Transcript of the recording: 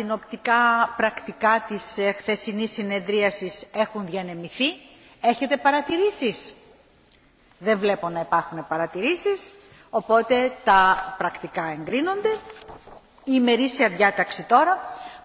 συνοπτικά πρακτικά της ε, χθεσινής συνεδρίασης έχουν διανεμηθεί. Έχετε παρατηρήσεις. Δεν βλέπω να υπάρχουν παρατηρήσεις, οπότε τα πρακτικά εγκρίνονται. Η ημερήσια διάταξη τώρα